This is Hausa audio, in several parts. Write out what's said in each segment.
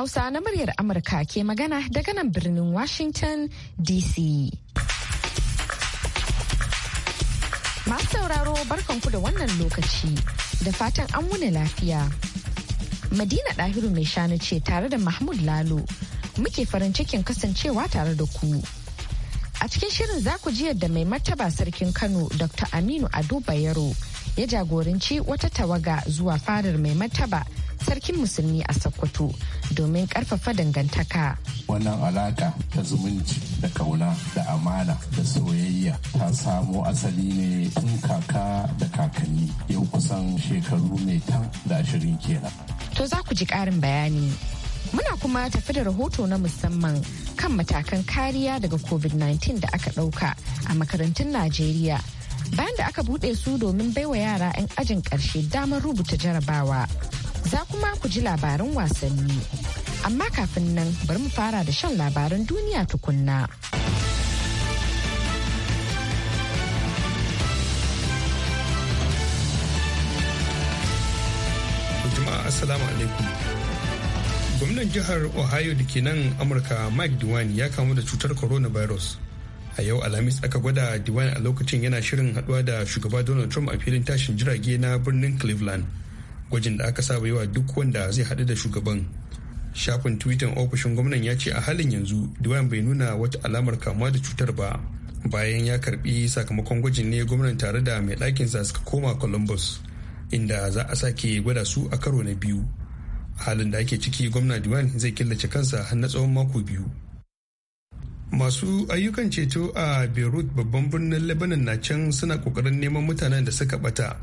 Hausa na muryar Amurka ke magana daga nan birnin Washington DC. Masu sauraro barkanku da wannan lokaci da fatan an wuni lafiya. Madina ɗahiru mai shanu ce tare da Mahmud Lalo muke farin cikin kasancewa tare da ku. A cikin shirin za ku ji yadda mai martaba sarkin Kano Dr. Aminu Ado Bayero ya jagoranci wata tawaga zuwa fadar mai mataba. sarkin musulmi a Sokoto domin karfafa dangantaka. Wannan alaka ta zumunci da kauna da amana da soyayya ta samo asali ne tun kaka da kakanni yau kusan shekaru mai tan da ashirin kenan. To za ku ji ƙarin bayani. Muna kuma tafi da rahoto na musamman kan matakan kariya daga COVID-19 da aka ɗauka a makarantun Najeriya. Bayan da aka buɗe su domin baiwa yara 'yan ajin ƙarshe damar rubuta jarabawa. za kuma ku ji labaran wasanni. Amma kafin nan bari mu fara da shan labaran duniya tukunna. Assalamu alaikum. Gwamnan jihar Ohio da ke nan Amurka Mike Dewine ya kamu da cutar coronavirus. a yau alhamis aka gwada DeWine a lokacin yana shirin haduwa da shugaba donald trump a filin tashin jirage na birnin cleveland gwajin da aka saba yi duk wanda zai haɗu da shugaban shafin twitter ofishin gwamnan ya ce a halin yanzu dwayne bai nuna wata alamar kamuwa da cutar ba bayan ya karbi sakamakon gwajin ne gwamnan tare da mai ɗakin ɗakinsa suka koma columbus inda za a sake gwada su a karo na biyu halin da ake ciki gwamna diwan zai killace kansa har na tsawon mako biyu masu ayyukan ceto a beirut babban birnin lebanon na can suna kokarin neman mutanen da suka bata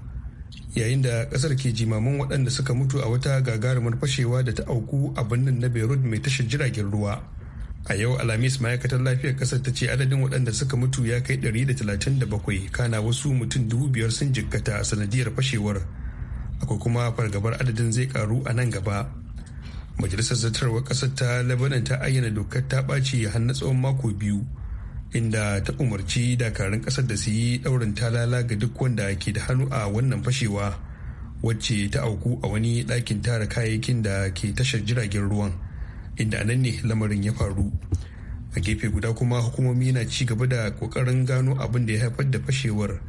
yayin da kasar ke jimamin waɗanda suka mutu a wata gagarumar fashewa da ta auku a birnin na beirut mai tashar jiragen ruwa a yau alhamis ma'aikatar lafiyar kasar ta ce adadin waɗanda suka mutu ya kai ɗari da da talatin bakwai kana wasu mutum dubu biyar sun jikkata a sanadiyar fashewar akwai kuma fargabar adadin zai karu a nan gaba majalisar zartarwar kasar ta lebanon ta ayyana dokar ta ɓaci har na tsawon mako biyu inda ta umarci dakarun kasar da su yi daurin talala ga duk wanda ke da hannu a wannan fashewa wacce ta auku a wani ɗakin tara kayayyakin da ke tashar jiragen ruwan inda nan ne lamarin ya faru a gefe guda kuma hukumomi na ci gaba da kokarin gano abin da ya haifar da fashewar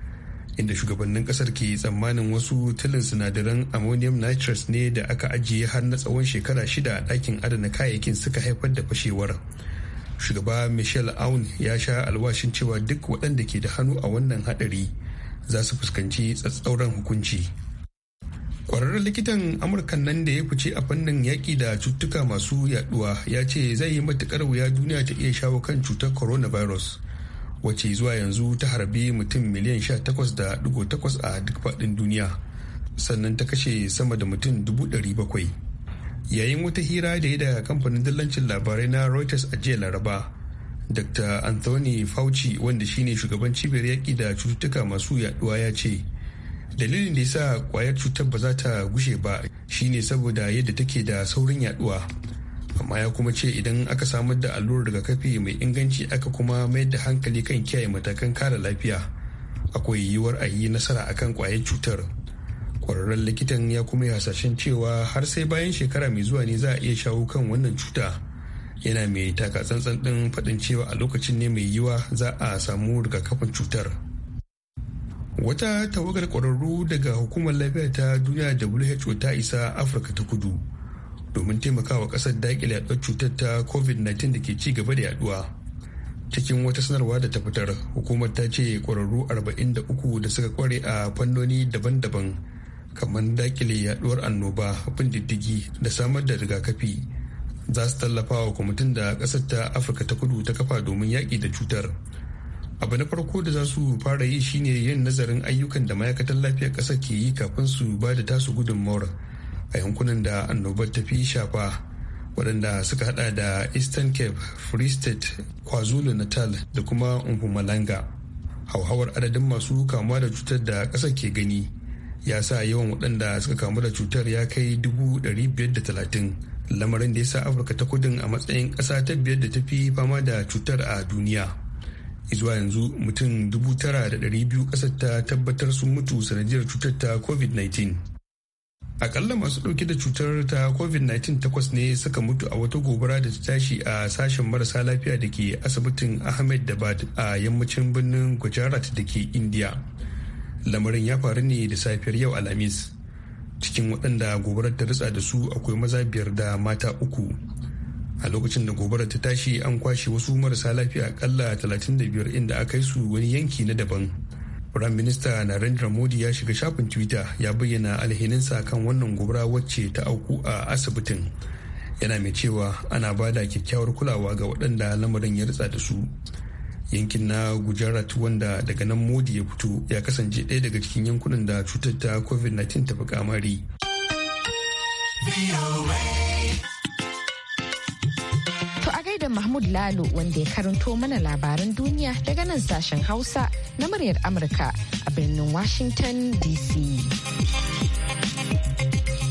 inda shugabannin kasar ke tsammanin wasu tilin sinadaran ammonium nitrates ne da aka ajiye har na tsawon shekara shida a ɗakin adana kayayyakin suka haifar da fashewar. shugaba michel aun ya sha alwashin cewa duk waɗanda ke da hannu a wannan haɗari za su fuskanci tsatsauran hukunci kwararren likitan amurkan nan da ya fice a fannin yaƙi da cututtuka masu yaduwa ya ce zai yi matukar wuya duniya ta iya shawo kan cutar coronavirus wacce zuwa yanzu ta harbi mutum miliyan da 18.8 a duk faɗin duniya sannan ta kashe sama da mutum 700 yayin wata hira da ya da kamfanin dillancin labarai na reuters a jiya laraba dr anthony fauci wanda shine shugaban cibiyar yaƙi da cututtuka masu yaɗuwa ya ce dalilin da ya sa kwayar cutar ba za ta gushe ba shine saboda yadda take da saurin yaɗuwa. amma ya kuma ce idan aka samar da allurar rigakafi mai inganci aka kuma mayar da hankali kan kiyaye matakan kare lafiya akwai yiwuwar a yi nasara akan kwayar cutar kwararren likitan ya kuma yi hasashen cewa har sai bayan shekara mai zuwa ne za a iya shawo kan wannan cuta yana mai taka tsantsan ɗin faɗin cewa a lokacin ne mai yiwa za a samu rigakafin cutar wata tawagar kwararru daga hukumar lafiya ta duniya who ta isa afirka ta kudu domin taimakawa ƙasar daƙile yaduwar cutar ta covid-19 da ke ci gaba da yaduwa cikin wata sanarwa da ta fitar hukumar ta ce kwararru 43 da suka kware a fannoni daban-daban kamar dakile yaduwar annoba bin diddigi da samar da rigakafi za su tallafa wa kwamitin da ƙasar ta afirka ta kudu ta kafa domin yaƙi da cutar abu na farko da za su fara yi shine yin nazarin ayyukan da ma'aikatan lafiyar ƙasar ke yi kafin su ba da tasu gudunmawar a yankunan da annobar ta fi shafa waɗanda suka hada da eastern cape free state kwazulu natal da kuma unhumalanga hauhawar adadin masu kamuwa da cutar da ƙasar ke gani ya sa yawan waɗanda suka kamu da cutar ya kai 530 lamarin da ya sa afirka ta kudin a matsayin ƙasa ta biyar da tafi fama da cutar a duniya zuwa yanzu mutum 9,200 ƙasar ta tabbatar sun mutu sanadiyar cutar ta covid-19 akalla masu ɗauke da cutar ta covid-19 takwas ne suka mutu a wata gobara da ta tashi a sashen marasa lafiya da ke asibitin ahmed dabad a yammacin birnin gujarat da ke india lamarin ya faru ne da safiyar yau alhamis cikin waɗanda gobarar ta ritsa da su akwai maza biyar da mata uku a lokacin da gobarar ta tashi an kwashe wasu marasa lafiya akalla 35 inda aka yi su wani yanki na daban Prime Minister Narendra Modi ya shiga shafin Twitter ya bayyana alhininsa kan wannan gobara wacce ta auku a asibitin. Yana mai cewa ana ba da kyakkyawar kulawa ga waɗanda lamarin ya ritsa da su. yankin na gujarat wanda daga nan modi ya fito ya kasance ɗaya daga cikin yankunan da cutar ta covid-19 ta fi kamari da Mahmud Lalo wanda ya karanto mana labaran duniya daga nan sashen Hausa na muryar Amurka a birnin Washington DC.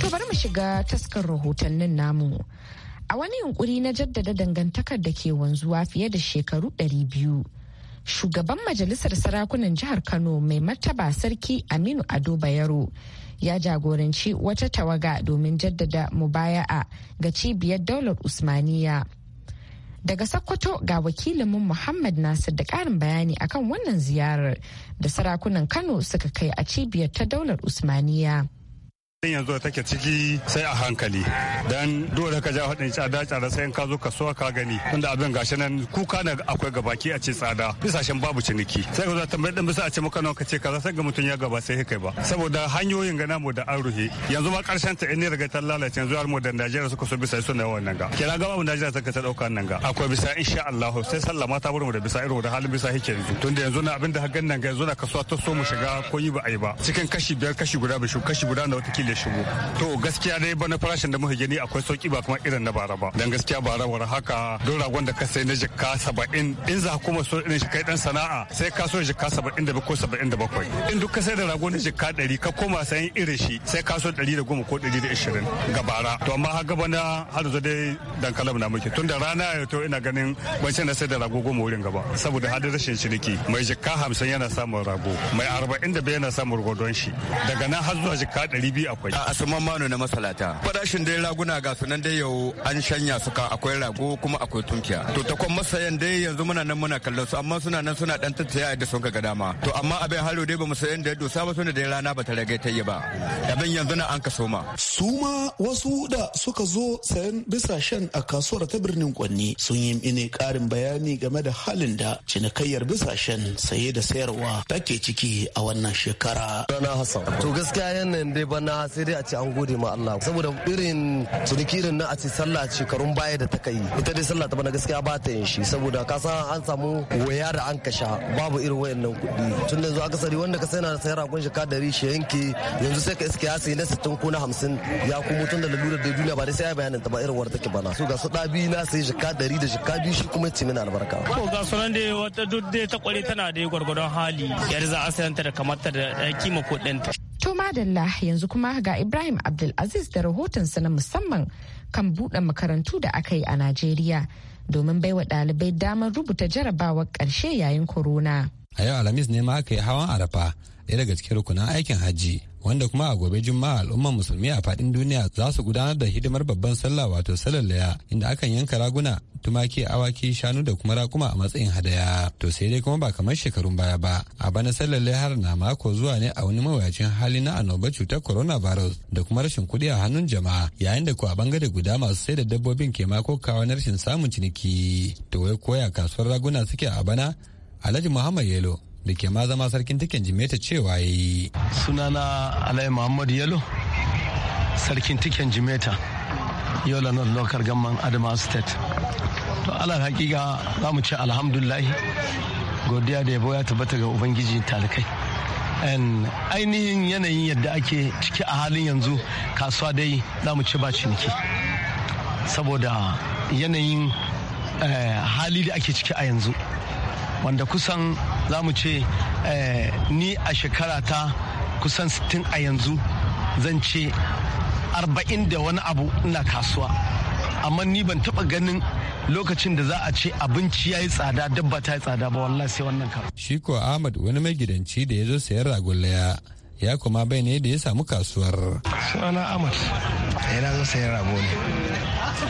To bari mu shiga taskar rahotannin namu. A wani yunkuri na jaddada dangantakar da ke wanzuwa fiye da shekaru biyu. shugaban majalisar sarakunan jihar Kano mai martaba sarki Aminu Ado Bayero ya jagoranci wata tawaga domin jaddada mu mubaya'a ga cibiyar daular Usmaniya. Daga Sokoto ga wakilinmu Muhammad Nasir da ƙarin bayani akan wannan ziyarar da sarakunan Kano suka kai a cibiyar ta daular Usmaniya. yanzu da take ciki sai a hankali dan dole ka ja hadin tsada tsada sai in ka zo kasuwa ka gani tunda abin gashi nan kuka na akwai gabaki a ce tsada bisashen babu ciniki sai ka zo tambayar din bisa a ce maka nawa ka ce kaza sai ga mutun ya gaba sai kai ba saboda hanyoyin ga namu da an ruhe yanzu ma karshen ta in ne riga ta lalace yanzu har modern da Najeriya suka so bisa su yawan wannan ga kira ga babu Najeriya suka ta dauka nan ga akwai bisa insha Allah sai sallama ta mu da bisa irin da halin bisa yake yanzu tunda yanzu na abin da hakan nan ga yanzu da kasuwa ta so mu shiga ko yi ba ai ba cikin kashi biyar kashi guda bishu kashi guda na wata da shigo to gaskiya dai bana farashin da muka gani akwai sauki ba kuma irin na bara ba dan gaskiya bara war haka don ragon da ka sai na jikka saba'in in za kuma so irin shi kai dan sana'a sai ka so jikka saba'in da ko saba'in da bakwai in duk ka sai da ragon na jikka dari ka koma sayan irin shi sai ka so ɗari da goma ko ɗari da ishirin ga bara to amma haka na har zo dai dankalin na muke tun da rana ya to ina ganin wancan na sai da rago goma wurin gaba saboda hadin rashin ciniki mai jikka hamsin yana samun rago mai arba'in da bai yana samun rago don shi daga nan har zuwa jikka dari biyu akwai a asuman manu na masalata farashin dai raguna ga sunan dai yau an shanya suka akwai rago kuma akwai tunkiya to ta kwan masayan dai yanzu muna nan muna kallon su amma suna nan suna dan tattaya da sun ga dama to amma abin halo dai bamu sayan da dosa ba dai rana bata rage ta yi ba abin yanzu na an kaso ma su ma wasu da suka zo sayan bisashen a kasuwar ta birnin Kwanni sun yi mini karin bayani game da halin da cinikayyar bisashen saye da sayarwa take ciki a wannan shekara. Dana Hassan. To gaskiya yanayin dai bana sai dai a ce an gode ma Allah saboda irin ciniki irin na a ce sallah shekarun baya da ta kai ita dai sallah ta bana gaskiya ba ta yin shi saboda ka san an samu waya da an kasha babu irin wayannan kuɗi tun da yanzu akasari wanda ka sai na sayar rakun shi kadari shi yanke yanzu sai ka iske ya sai na sittin ko na hamsin. ya kuma tun da lalurar da duniya ba dai sai ya bayanin ta ba irin war take bana so ga su ɗabi na sai jika dari da jika biyu shi kuma ci mini albarka. ko ga sunan dai wata duk dai ta kware tana da gwargwadon hali yar za a sayanta da kamar ta da kima ko To madalla yanzu kuma ga Ibrahim Abdulaziz da rahotonsa na musamman kan buɗe makarantu da aka yi a Najeriya domin baiwa ɗalibai damar rubuta jarabawar ƙarshe yayin corona. A yau Alhamis ne ma aka yi hawan arafa ɗaya daga cikin rukunan aikin hajji wanda kuma a gobe juma'a al'umman musulmi a faɗin duniya za su gudanar da hidimar babban sallah wato sallar laya inda akan yanka raguna tumaki awaki shanu da kuma rakuma a matsayin hadaya to sai dai kuma ba kamar shekarun baya ba a bana sallar har na mako zuwa ne a wani mawuyacin hali na annobar cutar coronavirus da kuma rashin kuɗi a hannun jama'a yayin da ku a bangare guda masu sai da dabbobin ke mako kawo na rashin samun ciniki to wai koya kasuwar raguna suke a bana alhaji muhammad yelo da ke ma zama sarkin tikin jimeta cewa ya yi. Sunana Alai Muhammadu Yalo, sarkin tikin jimeta, Yola North Local Gamman adama State. To alal hakika za mu ce alhamdulahi godiya da yabo ya tabbata ga Ubangiji talikai. ainihin yanayin yadda ake ciki a halin yanzu kasuwa dai za mu ce ba ciniki saboda yanayin eh, hali da ake ciki a yanzu wanda kusan za mu ce eh, ni a shekara ta kusan 60 a yanzu zan ce 40 da wani abu ina kasuwa amma ni ban taba ganin lokacin da za a ce abinci ya yi tsada dabba ta yi tsada ba wallahi sai wannan kawai. shi ko ahmad wani mai magidanci da ya zo sayan ragon laya ya kuma bai ne da ya samu kasuwar. Eh, na ahmad yana zo sayan rago ne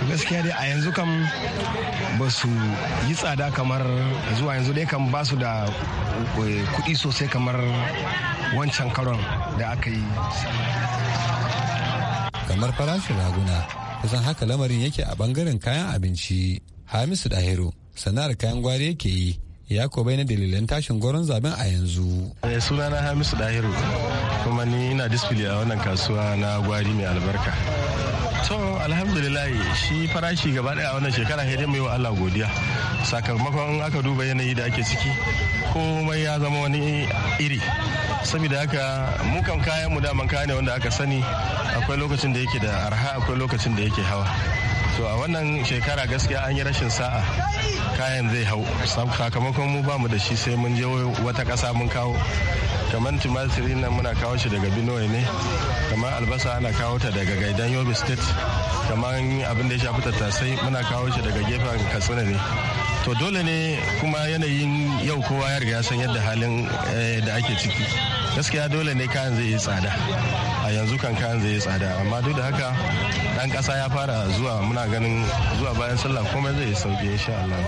gaskiya dai a yanzu kam ba su yi tsada kamar zuwa yanzu dai kan ba su da eh, kuɗi sosai kamar wancan karon da aka yi kamar farashin raguna kusan haka lamarin yake a bangaren kayan abinci hamisu dahiru sana'ar kayan gwari yake yi ya ko na dalilan tashin goron zaben a yanzu eh, sunana hamisu dahiru kuma ni ina display a wannan kasuwa na gwari mai albarka to alhamdulillah shi farashi gaba daya a wannan shekara sai dai mai wa Allah godiya sakamakon aka duba yanayi da ake ciki komai ya zama wani iri saboda haka mu kan kayan mu da man kaya ne wanda aka sani akwai lokacin da yake da arha akwai lokacin da yake hawa to a wannan shekara gaskiya an yi rashin sa'a kayan zai hau sakamakon mu bamu da shi sai mun je wata kasa mun kawo kamar tumatiri nan muna kawo shi daga benue ne kamar albasa ana kawo ta daga gaidan yobe state kamar abin da ya shafi tattasai muna kawo shi daga gefen katsina ne to dole ne kuma yanayin yau kowa ya riga ya san yadda halin eh, da ake ciki gaskiya dole ne kayan zai yi tsada a yanzu kan kayan zai yi tsada amma duk da haka dan kasa ya fara zuwa muna ganin zuwa bayan sallah komai zai sauke insha Allah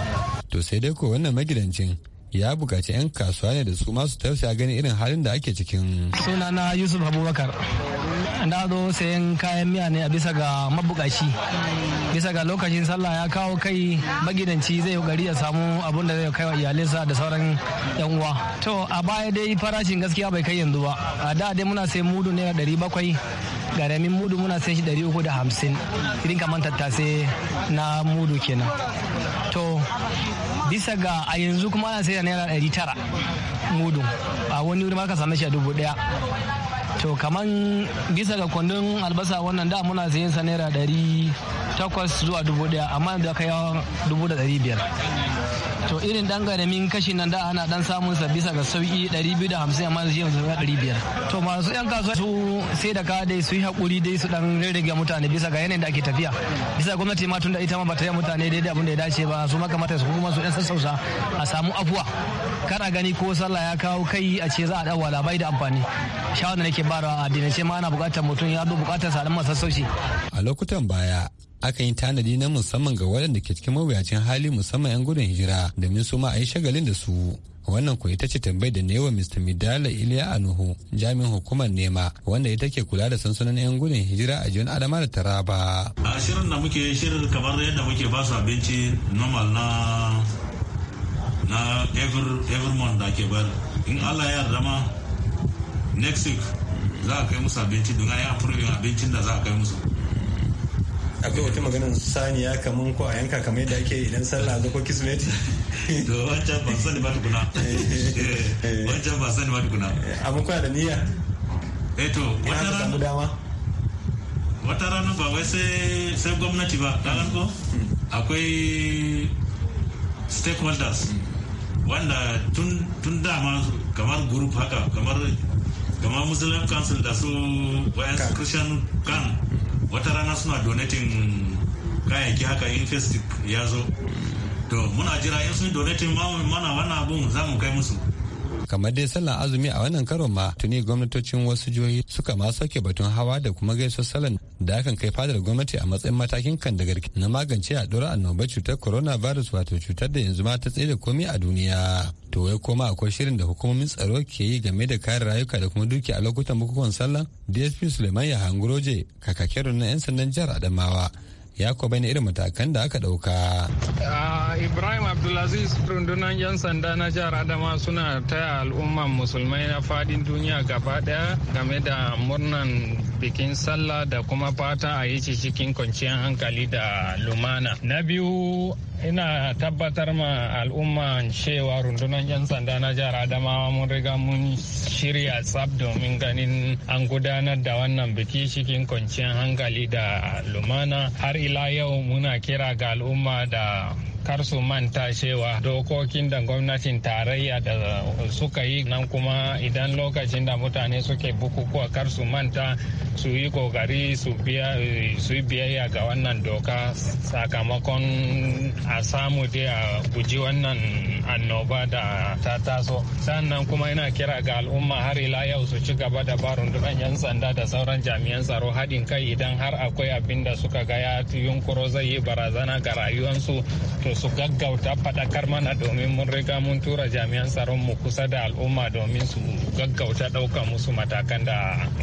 to sai dai ko wannan magidancin ya bukaci 'yan kasuwa ne da su masu tausaya ganin irin halin da ake cikin sunana yusuf abubakar na zo sayan kayan miya ne a bisa ga mabukaci bisa ga lokacin sallah ya kawo kai magidanci zai gari ya samu abun da zai kai wa iyalinsa da sauran yan uwa to a baya dai farashin gaskiya bai kai yanzu ba a da dai muna sayan mudu naira ɗari bakwai garamin mudu muna sayan shi ɗari uku da hamsin irin kamar tattase na mudu kenan to bisa ga a yanzu kuma ana sai da naira ɗari tara mudu a wani wuri ma ka same shi a dubu ɗaya to kaman bisa ga kwandon albasa wannan da muna sayan sa naira dari takwas zuwa dubu daya amma da kai dubu da dari biyar to irin dan garamin kashi nan da ana dan samun sa bisa ga sauki hamsin amma zuwa dari biyar. to masu yan kasuwa su sai da ka dai su yi hakuri dai su dan rage mutane bisa ga yanayin da ake tafiya bisa gwamnati ma tun da ita ma bata yi mutane daidai abin da ya dace ba su makamata su kuma su yan sassausa a samu afuwa kana gani ko sallah ya kawo kai a ce za a dawo labai da amfani shawara nake bara a dinance ma ana bukatar mutum ya zo bukatar sa masa sauci a lokutan baya aka yi tanadi na musamman ga waɗanda ke cikin mawuyacin hali musamman 'yan gudun hijira domin su ma a yi shagalin da su wannan ko ita ce tambayar da newa Mr. Midala Iliya Anuhu jami'in hukumar nema wanda ita ke kula da sansanin 'yan gudun hijira a jihar Adama da Taraba. A shirin da muke shirin kamar yadda muke ba su abinci normal na na every month da ke bayar in Allah ya yarda ma next week za a kai musu abinci domin ya furbin abincin da za a kai musu akwai wata maganin saniya kamar ko a yanka kamar yadda ake idan sallah zo ko kismet to wancan ba sani ba tukuna eh, eh. wancan ba sani ba tukuna eh, abin kwa da niyya eh to wata mu dama wata rana ba wai sai sai gwamnati ba ka ko hmm. akwai stakeholders hmm. wanda tun dama kamar group haka kamar kamar muslim council da su wayansu christian kan wata rana suna donating kayayyaki haka in festic ya zo to muna jira in sun donating mana wannan abun za mu kai musu kamar dai sallan azumi a wannan karon ma tuni gwamnatocin wasu jihohi suka ma sauke batun hawa da kuma gaisuwar sallan da akan kai fadar gwamnati a matsayin matakin kan da garki na magance a dora annobar cutar corona coronavirus wato cutar da yanzu ma ta tsaye da komi a duniya to wai koma akwai shirin da hukumomin tsaro ke yi game da kare rayuka da kuma duki a lokutan bukukuwan sallah dsp suleiman ya hangroje kakakin na 'yan sandan jihar adamawa ya kuwa irin matakan da aka ɗauka. Ibrahim Abdulaziz rundunar 'yan sanda na jihar Adama suna taya al'umman musulmai na fadin duniya gaba ɗaya game da murnan bikin sallah da kuma fata a yi cikin kwanciyar hankali da lumana. Na biyu ina tabbatar ma al'umma cewa rundunar 'yan sanda na jihar adamawa mun riga mun shirya tsab domin ganin an gudanar da wannan biki cikin kwanciyar hankali da lumana har ila yau muna kira ga al'umma da kar su manta cewa dokokin da gwamnatin tarayya da suka yi nan kuma idan lokacin da mutane suke bukukuwa kar su manta su yi kokari su yi biyayya ga wannan doka sakamakon a samu dai a guji wannan annoba da ta taso sannan kuma yana kira ga al'umma har ila yau su ci gaba da rundunan 'yan sanda da sauran jami'an tsaro haɗin kai idan har akwai abin da suka ga ya yunkuro zai yi barazana ga rayuwarsu to su gaggauta faɗakar mana domin mun riga mun tura jami'an tsaron mu kusa da al'umma domin su gaggauta ɗaukar musu matakan da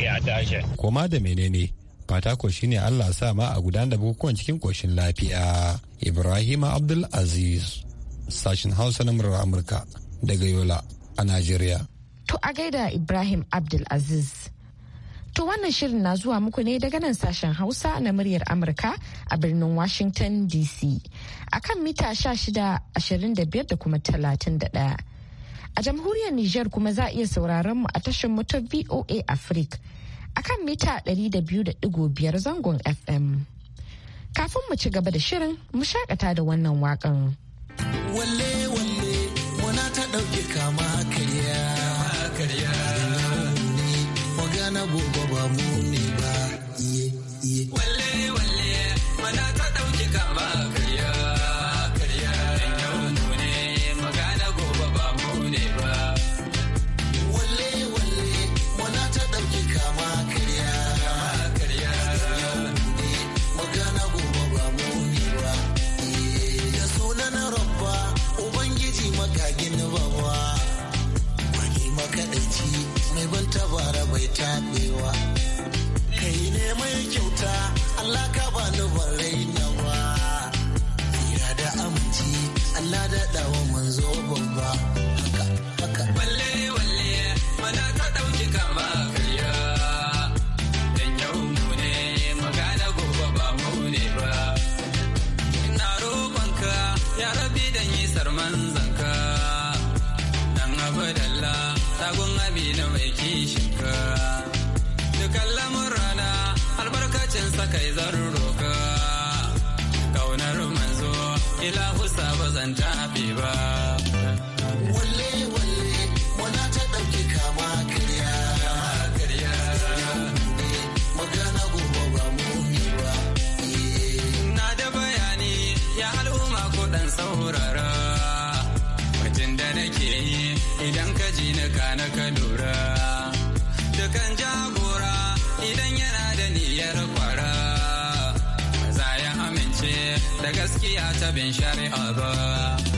ya dace. Koma da menene fata ko shine Allah sa ma a gudanar da bukukuwan cikin koshin lafiya. Ibrahim Abdul Aziz sashin Hausa na murar Amurka daga Yola a Najeriya. To a gaida Ibrahim Abdul Aziz. To wannan shirin na zuwa muku ne daga nan sashen Hausa na muryar Amurka a birnin Washington DC a kan mita 1625 da kuma 31. A jamhuriyar Nijar kuma za a iya sauraron mu a tashin mutum VOA Africa a kan mita 200.5 zangon FM. Kafin mu ci gaba da shirin mu shakata da wannan waƙan. Walle walle, wana ta ɗauke kama. amina mai kishin ka dukan rana albarkacin sa kai zan roka ƙaunar manzo ilahu sa bazanta ta bin shari'a ba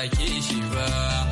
sake shi ba.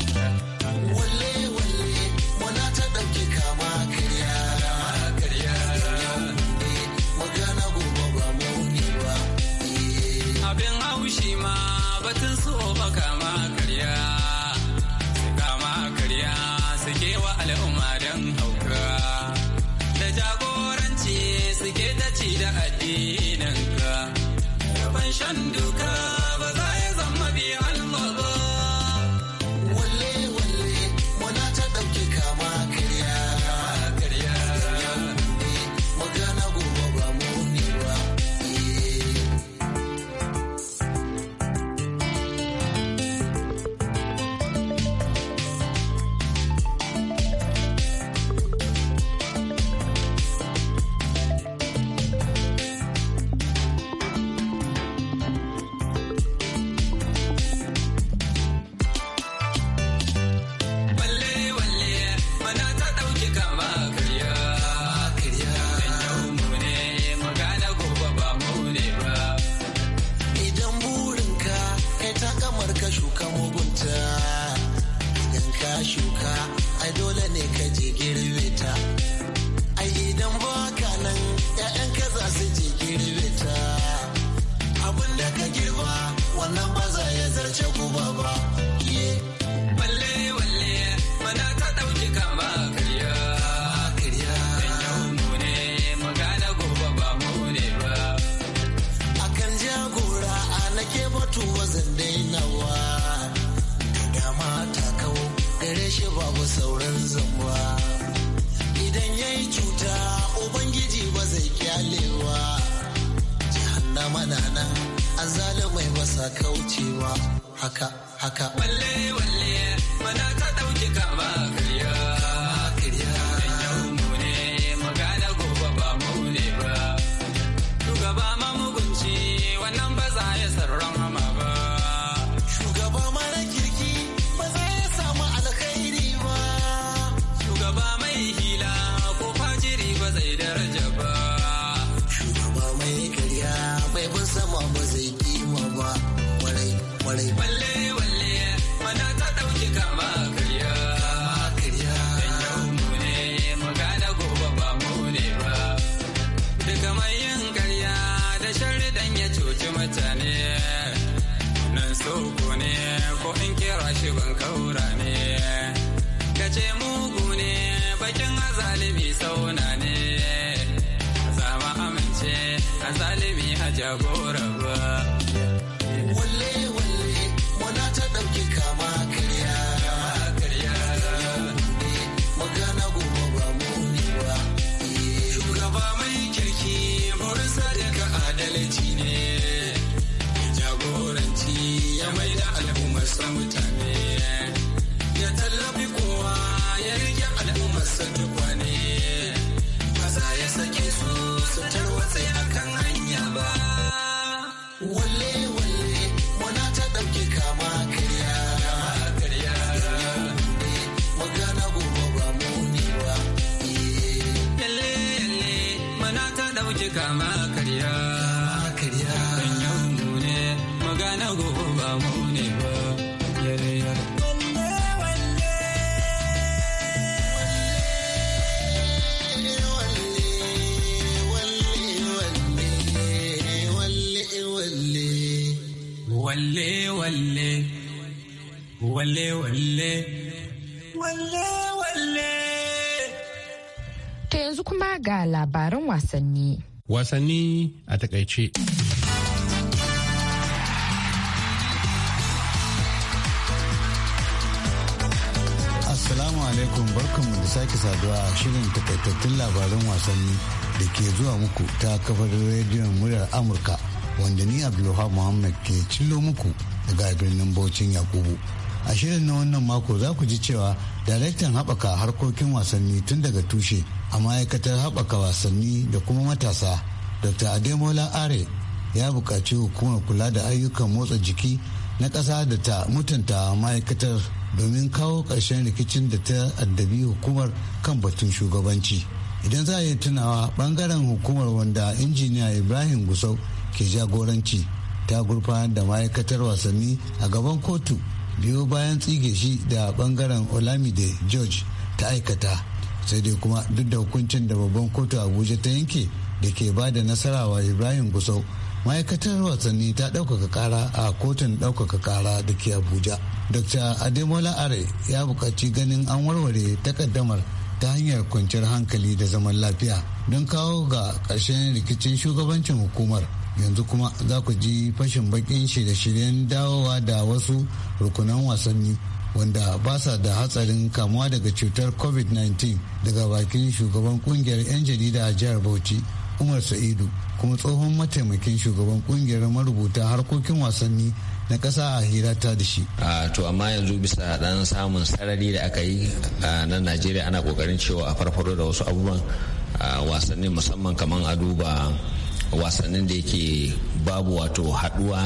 kwarai walle walle mana ta dauki kama karya kama karya yau mu ne magana gobe ba mune ba daga mai yin karya da sharidan ya cuci mutane nan soko ne ko in kira shi ban kaura ne kace mugu ne bakin azalimi sau kama karya karya dan yau mu ne magana gobe ba mu ne ba yare yare walle walle walle walle walle walle to yanzu kuma ga labaran wasanni wasanni a takaice. Assalamu alaikum barkanmu da sake saduwa a shirin takaitattun labarin wasanni da ke zuwa muku ta kafar rediyon muryar Amurka wanda ni Abdullahi Muhammad ke cillo muku daga birnin Bauchin Yakubu. A shirin na wannan mako za ku ji cewa daraktan haɓaka harkokin wasanni tun daga tushe a ma'aikatar haɓaka wasanni da kuma matasa dr ademola are ya buƙaci hukumar kula da ayyukan motsa jiki na ƙasa da ta mutunta ma'aikatar domin kawo ƙarshen rikicin da ta addabi hukumar kan batun shugabanci idan za a yi tunawa ɓangaren hukumar wanda injiniya ibrahim gusau ke jagoranci ta gurfanar da ma'aikatar wasanni a gaban kotu biyo bayan tsige shi da ɓangaren olamide george ta aikata sai dai kuma duk da hukuncin da babban kotu abuja ta yanke da ke ba da nasara wa ibrahim gusau ma'aikatar wasanni ta ɗaukaka kara a kotun ɗaukaka kara da ke abuja dr ademola are ya buƙaci ganin an warware takaddamar ta hanyar kwanciyar hankali da zaman lafiya don kawo ga ƙarshen rikicin shugabancin hukumar yanzu kuma za ku ji fashin bakin shirye-shiryen dawowa da wasu rukunan wasanni wanda ba sa da hatsarin kamuwa daga cutar covid-19 daga bakin shugaban kungiyar 'yan jarida a jihar bauchi umar sa'idu kuma tsohon mataimakin shugaban kungiyar marubuta harkokin wasanni na kasa a hira ta da shi. to amma yanzu bisa dan samun sarari da aka yi na najeriya ana kokarin cewa a farfaro da wasu abubuwan wasannin musamman kamar a duba wasannin da yake babu wato haduwa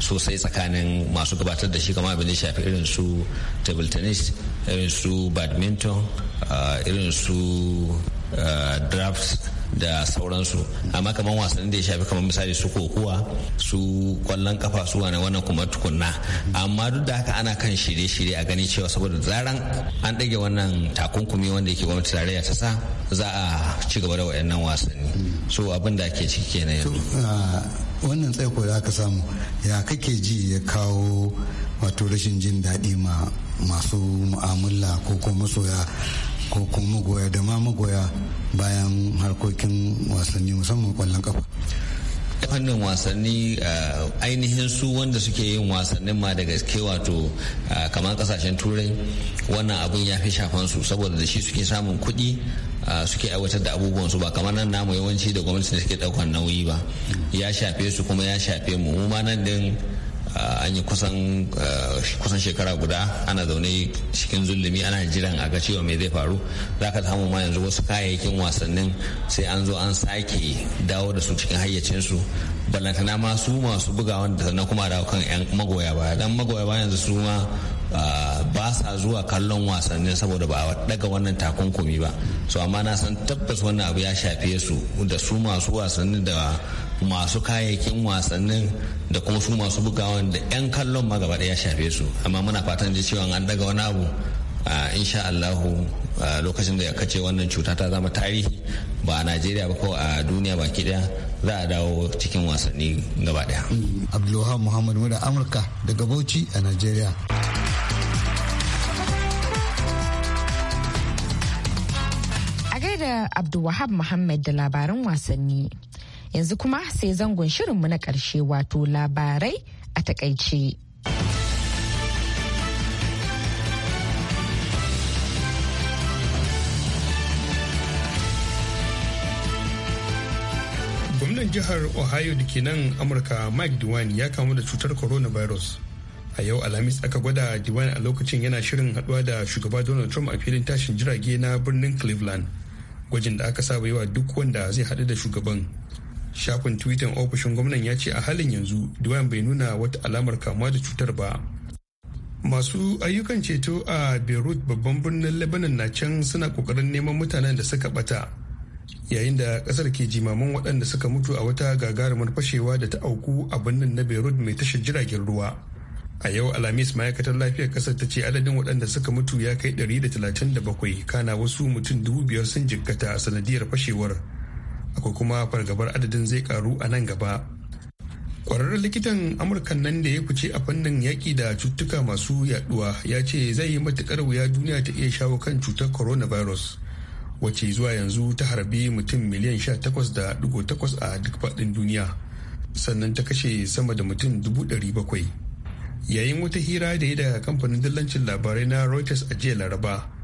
sosai tsakanin masu gabatar da shi kama abin da shafi irin su table tennis irin su badminton ah, irin su ah, draft da sauransu amma kamar wasannin da ya shafi kamar misali su kokuwa su kwallon kafa su wani wannan kuma tukunna amma duk da haka ana kan shirye-shirye a gani cewa saboda zaran an ɗage wannan takunkumi wanda yake gwamnati tarayya ta sa za a ci gaba da wayannan wasanni so abin da ake ciki kenan yanzu wannan tsaiko da aka samu ya kake ji ya kawo wato rashin jin daɗi ma masu mu'amala ko kuma masoya ko kuma magoya da ma magoya bayan harkokin wasanni musamman kwallon kafa ta fannin wasanni eh, ainihin su wanda suke yin wasannin ma daga gaske wato eh, kamar kasashen turai wannan abun ya fi shafan su saboda da shi suke samun kuɗi eh, suke aiwatar da abubuwan su ba kamar nan namu yawanci da gwamnati da suke ɗaukar nauyi ba ya shafe su kuma ya shafe mu mu ma nan din Eh, an yi eh, kusan shekara guda ana zaune cikin zulumi ana jiran a ga cewa mai zai faru za ka samu ma yanzu wasu kayayyakin wasannin sai an zo an sake dawo da su cikin hayyacinsu ballantana ma su masu buga wanda sannan kuma dawo kan 'yan magoya baya dan magoya baya yanzu su ma eh, ba sa zuwa kallon wasannin saboda ba a daga wannan takunkumi ba so amma na san tabbas wannan abu ya shafe su da su masu wasannin da masu kayayyakin wasannin da kuma su masu bugawan da 'yan kallon ma gaba ya shafe su amma muna fatan da cewa an daga wani abu a insha allahu lokacin da ya kace wannan cuta ta zama tarihi ba a najeriya ba ko a duniya baki daya za a dawo cikin wasanni gaba daya abdulluhan muhammad muda amurka daga bauchi a najeriya A da Abdulwahab Muhammad da labarin wasanni. Yanzu kuma sai zangon shirinmu na ƙarshe wato labarai a takaice. gwamnan jihar ohio da ke nan amurka mike dewan ya kamu da cutar coronavirus a yau alhamis aka gwada dewan a lokacin yana shirin haduwa da shugaba donald trump a filin tashin jirage na birnin cleveland gwajin da aka saba yi wa duk wanda zai hadu da shugaban shafin twitter ofishin gwamnan ya ce a halin yanzu duwan bai nuna wata alamar kamuwa da cutar ba masu ayyukan ceto a beirut babban birnin lebanon na can suna kokarin neman mutanen da suka bata yayin da kasar ke jimamin waɗanda suka mutu a wata gagarumar fashewa da ta auku a birnin na beirut mai tashar jiragen ruwa a yau alhamis ma'aikatar lafiyar kasar ta ce adadin waɗanda suka mutu ya kai 137 kana wasu mutum biyar sun jikkata a sanadiyar fashewar akwai kuma fargabar adadin zai karu a nan gaba kwararren likitan amurkan nan da ya fice a fannin yaƙi da cututtuka masu yaduwa ya ce zai yi matukar wuya duniya ta iya shawo kan cutar coronavirus wacce zuwa yanzu ta harbi mutum miliyan sha-takwas da 18.8 a duk faɗin duniya sannan ta kashe sama da mutum 700 yayin wata hira da ya da kamfanin dillancin labarai na reuters a jiya laraba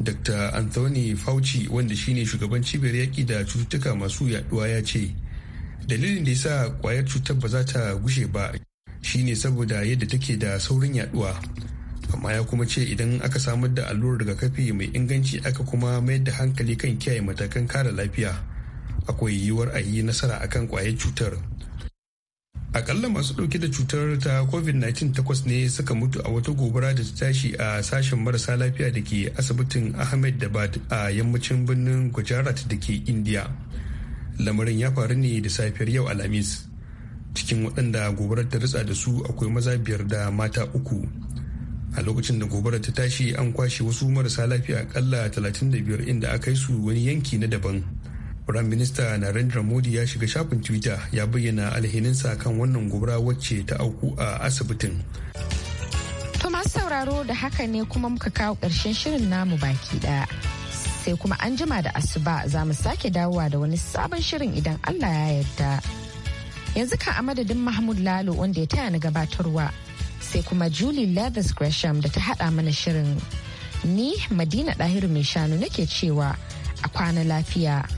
dr anthony fauci wanda shine shugaban cibiyar yaƙi da cututtuka masu yaɗuwa, ya ce dalilin da yasa kwayar cutar ba za ta gushe ba shine saboda yadda take da saurin yaduwa amma ya kuma ce idan aka samar da allurar rigakafi mai inganci aka kuma mayar da hankali kan kiyaye matakan kare lafiya akwai yiwuwar a yi nasara akan kwayar cutar akalla masu dauke da cutar ta covid-19 takwas ne suka mutu a wata gobara da ta tashi a sashen marasa lafiya da ke asibitin ahmed dabad a yammacin birnin gujarat da ke india lamarin ya faru ne da safiyar yau alhamis cikin waɗanda gobarar ta ritsa da su akwai maza biyar da mata uku a lokacin da gobarar ta tashi an kwashe wasu marasa lafiya akalla 35 inda aka yi su wani yanki na daban Firayim Minista Narendra Modi ya shiga shafin Twitter ya bayyana alhininsa kan wannan gobara wacce ta auku a asibitin. To masu sauraro da haka ne kuma muka kawo ƙarshen shirin namu baki ɗaya. Sai kuma an jima da asuba za mu sake dawowa da wani sabon shirin idan Allah ya yarda. Yanzu kan a madadin Mahmud Lalo wanda ya taya ni gabatarwa. Sai kuma Julie levis Gresham da ta haɗa mana shirin. Ni Madina Ɗahiru mai shanu nake cewa a kwana lafiya.